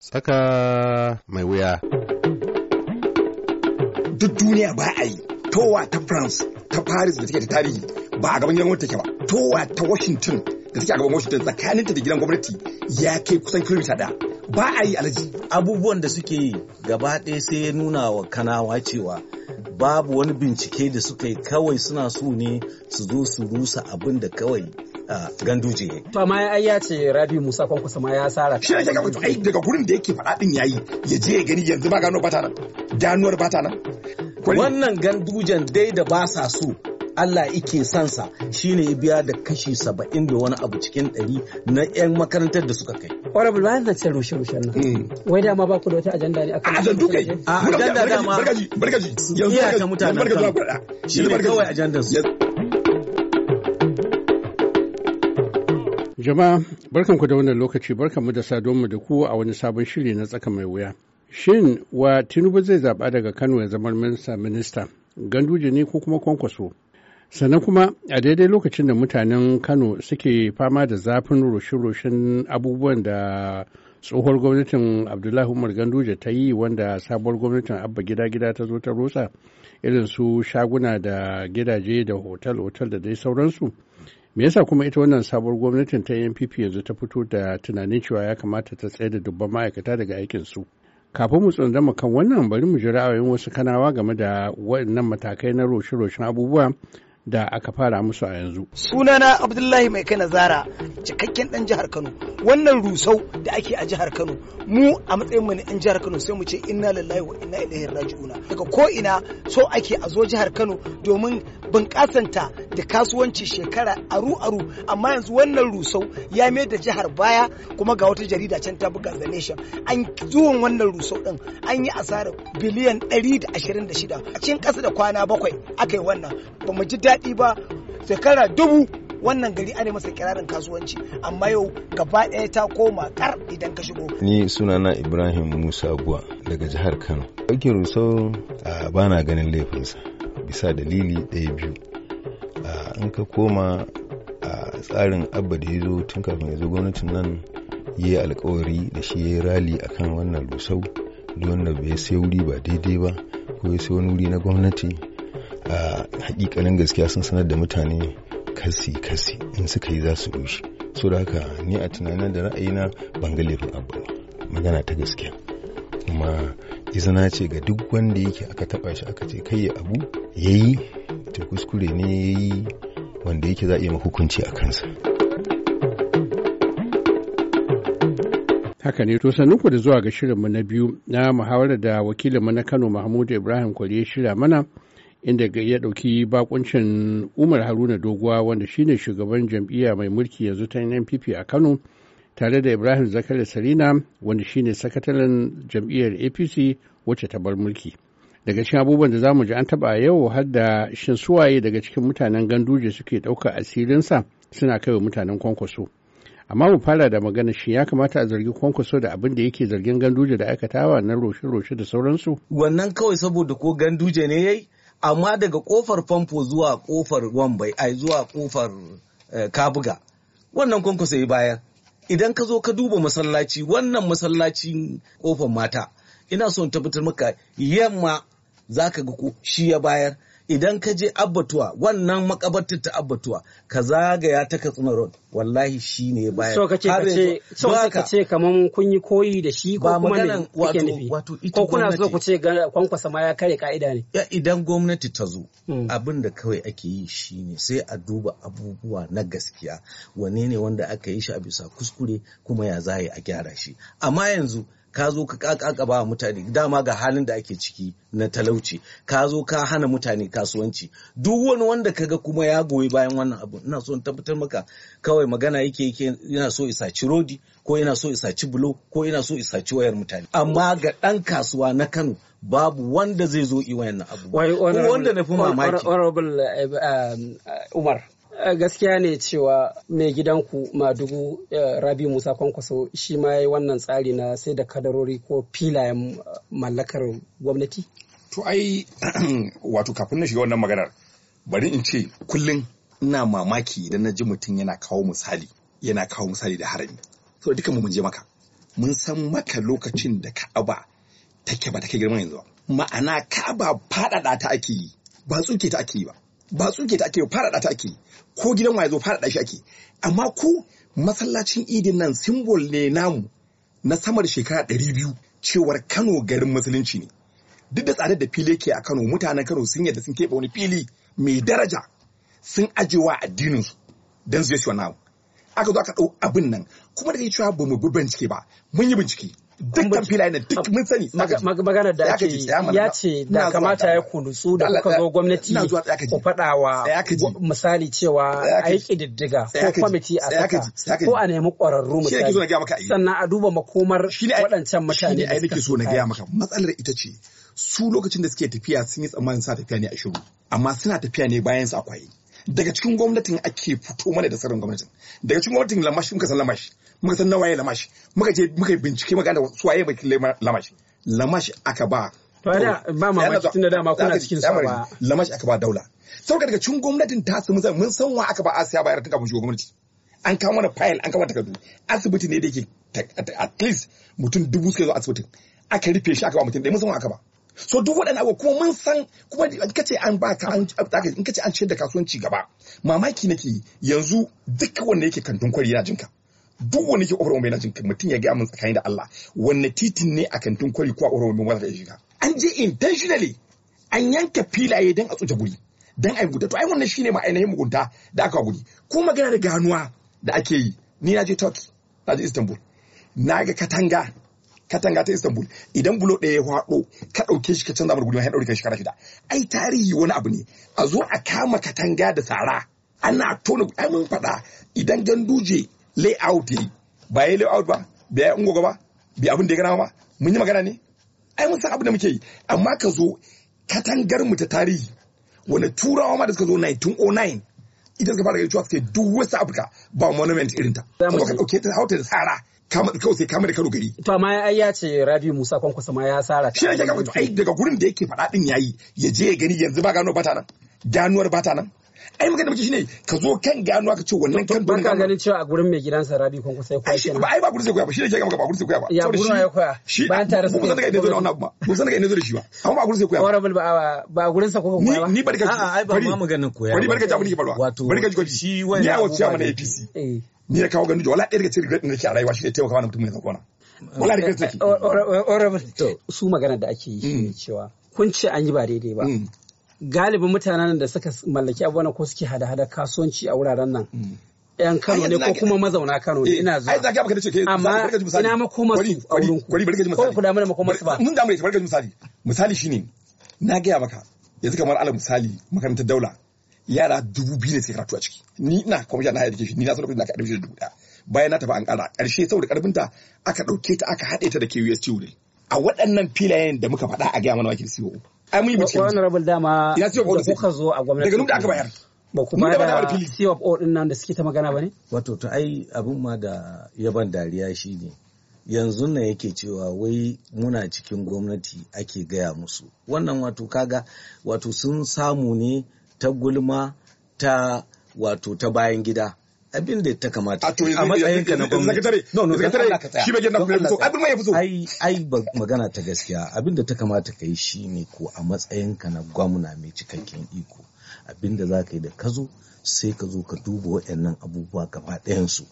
Tsaka mai wuya. Duk duniya ba a yi, towa ta France, ta Paris da take ta tarihi ba a gaban gidan gwamnati take ba. Towa ta Washington da take a gaban Washington tsakaninta da gidan gwamnati ya kai kusan kilomita ɗaya. ba a yi alaji abubuwan da suke yi gaba ɗaya sai ya nuna wa kanawa cewa babu wani bincike da suka yi kawai suna so ne su zo su rusa abin da kawai ganduje. To amma ai ya ce Rabi Musa Kwankwasa ma ya sara. Shi ne ga mutum ai daga gurin da yake fada din yayi ya je ya gani yanzu ba gano bata nan. Ganuwar bata nan. Wannan gandujen dai da ba sa so Allah ike sansa shine ya biya da kashi saba'in da wani abu cikin ɗari na 'yan makarantar da suka kai. Honorable bayan da cin rushe-rushen nan. Hmm. Wai dama ba ku da wata ajanda ne akan. Ajandu kai. A ajanda dama. Barkaji barkaji. Yanzu ka Iyaka mutanen Barkaji. Shi ne kawai ajandansu. Jama'a barkanku da wannan lokaci barkanmu da sadonmu da ku a wani sabon shiri na tsaka mai wuya. Shin wa Tinubu zai zaɓa daga Kano ya zama minista minista ganduje ne ko kuma kwankwaso? Sannan kuma a daidai lokacin da mutanen Kano suke fama da zafin roshin-roshin abubuwan da tsohuwar gwamnatin Abdullahi Umar Ganduje ta yi wanda sabuwar gwamnatin Abba gida-gida ta zo ta rusa irin su shaguna da gidaje da otal-otal da dai sauransu. me yasa kuma ita wannan sabuwar gwamnatin ta npp yanzu ta fito da tunanin cewa ya kamata ta tsaye da dubban ma'aikata daga aikin su kafin mu tsundama kan wannan bari mu ji ra'ayoyin wasu kanawa game da waɗannan matakai na roshe-roshen abubuwa da aka fara musu a yanzu. Sunana Abdullahi Mai Kana Zara, cikakken ɗan jihar Kano. Wannan rusau da ake a jihar Kano, mu a matsayin mu na ɗan jihar Kano sai mu ce inna lillahi wa inna ilaihi raji'una. Daga ko ina so ake a zo jihar Kano domin bunƙasanta da kasuwanci shekara aru-aru amma yanzu wannan rusau ya mai da jihar baya kuma ga wata jarida can ta buga the nation an zuwan wannan rusau din an yi asarar biliyan 126 a cikin ƙasa da kwana bakwai aka yi wannan ba mu ji daɗi ba shekara dubu wannan gari ana masa kirarin kasuwanci amma yau gaba ɗaya ta koma kar idan ka shigo ni sunana ibrahim musa guwa daga jihar kano ɗaukin rusau ba na ganin laifinsa bisa dalili ɗaya biyu An ka koma a tsarin abba da ya zo tun kafin ya zo gwamnatin nan ya yi alkawari da shi ya yi rali a kan wannan rusau da wanda bai sai wuri ba daidai ba ko ya sai wani wuri na gwamnati a hakikalin gaskiya sun sanar da mutane kasi kasi in suka yi za su rushe so da haka ni a tunanin da ra'ayina na ga laifin abu magana ta gaskiya kuma izina ce ga duk wanda yake aka taba shi aka ce kai abu yayi ta kuskure ne yayi wanda yake za a yi hukunci a kansa haka ne to sannu da zuwa ga shirinmu na biyu na muhawarar da wakilinmu na kano mahmudu ibrahim kwari ya shirya mana inda ga ya ɗauki bakuncin umar haruna doguwa wanda shine shugaban jam'iyya mai mulki yanzu ta npp a kano tare da ibrahim zakari sarina wanda shine sakataren jam'iyyar apc wacce ta bar mulki daga cikin abubuwan da zamu ji an taba yau har da shin suwaye daga cikin mutanen ganduje suke ɗauka asirinsa suna kaiwa mutanen kwankwaso amma mu fara da magana shi ya kamata a zargi kwankwaso da abin da yake zargin ganduje da aikatawa na roshe-roshe da sauransu wannan kawai saboda ko ganduje ne yayi amma daga kofar famfo zuwa kofar wambai ai zuwa kofar eh, kabuga wannan kwankwaso ya bayar idan ka zo ka duba masallaci wannan masallacin kofar mata ina son tabbatar maka yamma za ka ga ko shi ya bayar idan ka je abbatuwa wannan makabartar ta abbatuwa ka zagaya ta katsina road wallahi shi ne ya so ka ce ka ce kaman kun yi koyi da shi ko kuma ne kake wato ko kuna so ku ce kwankwasa ma ya kare ka'ida ne ya idan gwamnati ta zo hmm. abin da kawai ake yi shi ne sai a duba abubuwa na gaskiya wane ne wanda aka yi shi a bisa kuskure kuma ya zaye a gyara shi amma yanzu ka zo ka kaka ba mutane dama ga halin da ake ciki na talauci ka zo ka hana mutane kasuwanci duk wani wanda kaga kuma ya goyi bayan wannan abu ina so in tabbatar maka kawai magana yake yake yana so ci rodi ko yana so isa ci bulo ko yana so isa ci wayar mutane amma ga dan kasuwa na Kano babu wanda zai zo iwayen abu wanda na fi mamaki eh, eh, Umar Eh, gaskiya ne cewa mai gidanku madugu eh, rabi musa kwankwaso shi ma ya yi wannan tsari na sai da kadarori ko filayen eh, mallakar gwamnati to ai wato kafin na shiga wannan maganar bari in ce kullum ina mamaki idan na ji mutum yana kawo misali yana kawo misali da harami to duka mu je maka mun san maka lokacin da ka'aba take ba take girma yanzu ma'ana ka'aba faɗaɗa ta ake yi ba tsuke ta ake yi ba ba tsuke ta ake fara ta ake ko gidan waye zo fara shi ake amma ku masallacin idin nan simbol ne namu na sama shekara ɗari biyu cewar kano garin musulunci ne duk da tsadar da fili ke a kano mutanen kano sun yadda sun keɓe wani fili mai daraja sun ajewa addinin don su yi shi wani aka zo aka ɗau abin nan kuma da cewa ba mu bi bincike ba mun yi bincike dukkan filayen da duk mun sani magana da ake ya ce da kamata ya kunutsu da kuka zo gwamnati ku faɗa wa misali cewa aiki diddiga ko kwamiti a saka ko a nemi ƙwararru misali sannan a duba makomar waɗancan mutane da suka so na gaya maka matsalar ita ce su lokacin da suke tafiya sun yi tsammanin sa tafiya ne a shiru amma suna tafiya ne bayan su akwai daga cikin gwamnatin ake fito mana da tsarin gwamnatin daga cikin gwamnatin lamashi muka san lamashi muka san nawaye lamashi muka je muka bincike muka gane suwaye baki lamashi lamashi aka ba ba ma tun da dama kuna cikin sa ba lamashi aka ba daula saboda daga cikin gwamnatin ta su mun san wa aka ba asiya bayar ta kafin shugaban gwamnati an kawo mana fayil an kawo mana takardu asibiti ne da yake at least mutum dubu suka zo asibitin aka rufe shi aka ba mutum ɗaya mun san wa aka ba so duk waɗannan abubuwa kuma mun san kuma in kace an ba ka an in kace an ciyar da kasuwanci gaba mamaki nake yanzu duk wanda yake kantin kwari yana jinka duk wanda yake ƙofar mai na jinka mutum ya ga mun tsakani da Allah wanne titin ne a kantin kwari ko a ƙofar mai wanda ya shiga an je intentionally an yanka filaye don a tsuce guri don a yi guda to ai wannan shine ma'ainihin mugunta da aka guri ko magana da ganuwa da ake yi ni na je Turkey na je Istanbul na ga katanga katanga ta Istanbul idan bulo ɗaya ya haɗo ka ɗauke shi ka canza mar gudunar ya shi shekara shida ai tarihi wani abu ne a zo a kama katanga da tsara ana tona ai mun faɗa idan ganduje layout yi ba yayi layout ba ba a ungo ba bai abin da ya gana ba mun yi magana ne ai mun san abin da muke yi amma ka zo katangar mu ta tarihi wani turawa ma da suka zo 1909 idan suka fara cewa suke duk wasu afirka ba monument irinta ta ka ɗauke ta hauta da tsara kawai sai kamar da karo gari. To amma ai ya ce Rabi Musa kusa ma ya sara. Shi ne kawai ai daga gurin da yake faɗa din yayi ya je ya gani yanzu ba gano bata nan. Ganuwar bata nan. Ai magana shi shine ka zo kan ganuwa ka ce wannan kan ban ganuwa. Ba ganin cewa a gurin mai gidansa Rabi ya koya. shi ba ai ba gurin sai koya ba shi ne ba gurin sai koya ba. Ya gurin ya koya. Shi san daga inda zo da wannan ba. san daga inda zo shi ba. Amma ba ba ba gurin koya ba. ba Eh. ni ya kawo gani da wala ɗaya daga cikin regret da nake a rayuwa shi ne taimaka wani mutum ya zauna wala regret nake eh, eh, su magana da ake yi shi ne mm. cewa kun ce an yi ba daidai ba mm. galibin mutanen da suka mallaki abubuwan ko suke hada-hada kasuwanci a wuraren nan yan mm. Kano ne ko kuma mazauna Kano ne eh, ina zuwa. Ai zaki abaka ce ke amma ina mako masu a wurin ku. Bari bari misali. Ko ku da mana mako masu ba. Mun da mai bari misali. Misali shine na gaya maka yanzu kamar alal misali makarantar daula yara dubu biyu ne suka karatu a ciki ni ina kwamishin na higher ni na sanar da aka da dubu ɗaya bayan na tafi an kara ƙarshe saboda karfinta aka ɗauke ta aka haɗe ta da KUST wuri a waɗannan filayen da muka faɗa a gaya mana wakil COO ai mun yi bincike wannan rabul dama ina COO da kuka zo a gwamnati daga nuna aka bayar ba kuma ba da COO din nan da suke ta magana ba ne wato to ai abin ma da yaban dariya shine yanzu nan yake cewa wai muna cikin gwamnati ake gaya musu wannan wato kaga wato sun samu ne ta gulma ta wato ta bayan gida abin da ta kamata a ka na gwamnati ai magana ta gaskiya abin da ta kamata shi shine ko a matsayin ka na gwamna mai cikakken iko abin da za ka yi da ka zo sai ka zo ka duba waɗannan abubuwa gaba ɗayansu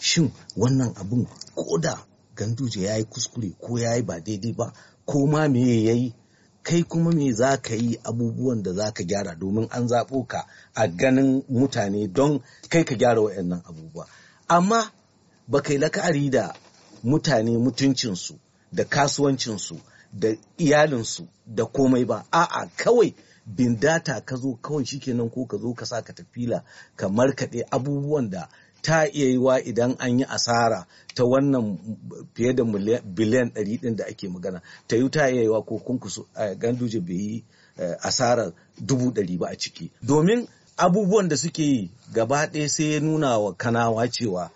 shin wannan abin koda ganduje ya yi kuskure ko ya yi ba daidai ba ko ma me ya yi kai kuma me za ka yi abubuwan da za ka gyara domin an zaɓo ka a ganin mutane don kai ka gyara waɗannan abubuwa amma ba kai la'akari da mutane mutuncinsu da kasuwancinsu da iyalinsu da komai ba a'a kawai bindata, ka zo kawai shikenan ko ka zo ka sa ka tafila ka markaɗe abubuwan da ta iya wa idan an yi asara ta wannan fiye da biliyan 100 din da ake magana ta yi ta iya yiwa ko kunkusu eh, ganduje bai yi eh, asarar dubu ɗari ba a ciki domin abubuwan da suke yi gaba ɗaya sai ya nuna wa kanawa cewa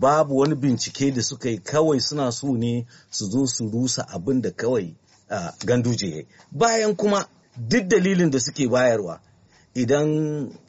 babu wani bincike da suka yi kawai suna so ne su zo su rusa abin da kawai ganduje ya bayan kuma duk dalilin da suke bayarwa idan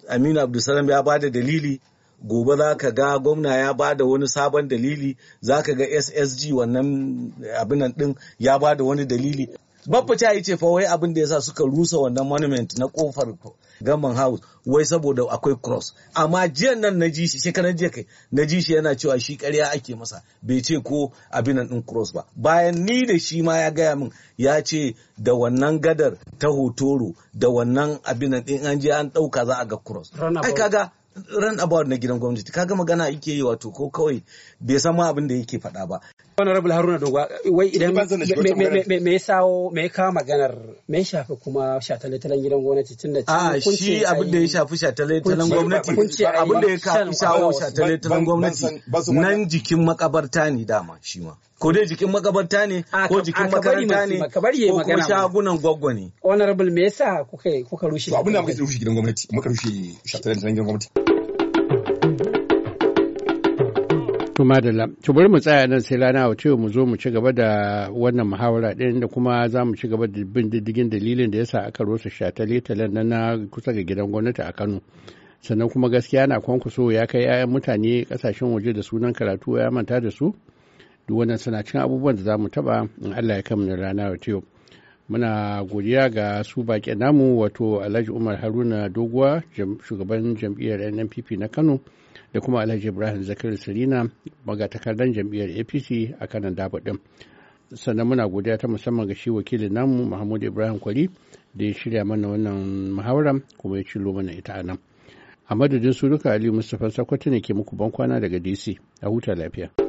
aminu abdulsalam ya ba da dalili gobe za ka ga gwamna ya ba da wani sabon dalili za ka ga ssg wannan abinan din ya ba da wani dalili Baffa yi ce fa wai abin da ya sa suka rusa wannan monument na kofar Gamman House wai saboda akwai cross. Amma jiyan nan na ji shi shekaran jiya kai na ji shi yana cewa shi karya ake masa bai ce ko abinan din cross ba. Bayan ni da shi ma ya gaya min ya ce da wannan gadar ta hotoro da wannan abinan din an je an ɗauka za a ga cross. Ai kaga ran about na gidan gwamnati kaga magana yake yi wato ko kawai bai san ma abin da yake faɗa ba honorable haruna dogwa wai idan me ya sawo me ya kawo maganar me ya shafi kuma shataletalen gidan gwamnati tun da a shi abin da ya shafi shataletalen gwamnati abin da ya kawo sawo shataletalen gwamnati nan jikin makabarta ne dama shi ma ko dai jikin makabarta ne ko jikin makaranta ne ko kuma shagunan gwaggwa ne honorable me yasa kuka kuka rushe abin da muka rushe gidan gwamnati muka rushe shataletalen gidan gwamnati To madalla, to bari mu tsaya nan sai rana a mu zo mu ci gaba da wannan muhawara ɗin da kuma za mu ci gaba da bin diddigin dalilin da ya sa aka rusa shataletalen talen na kusa ga gidan gwamnati a Kano. Sannan kuma gaskiya na kwankwaso ya kai 'ya'yan mutane kasashen waje da sunan karatu ya manta da su. Duk wannan suna cin abubuwan da za mu taɓa in Allah ya kammu rana a cewa. Muna godiya ga su baƙi namu wato Alhaji Umar Haruna Doguwa, shugaban jam'iyyar NNPP na Kano. da kuma alhaji ibrahim zakir sirina magatakardan jam'iyyar apc a kanan daba din sannan muna godiya ta musamman ga shi wakilin namu mahmud ibrahim kwari da ya shirya mana wannan muhawara kuma ya cilo mana ita a nan a madadin su duka aliyu mustapha sakwato ne ke muku kwana daga dc a huta lafiya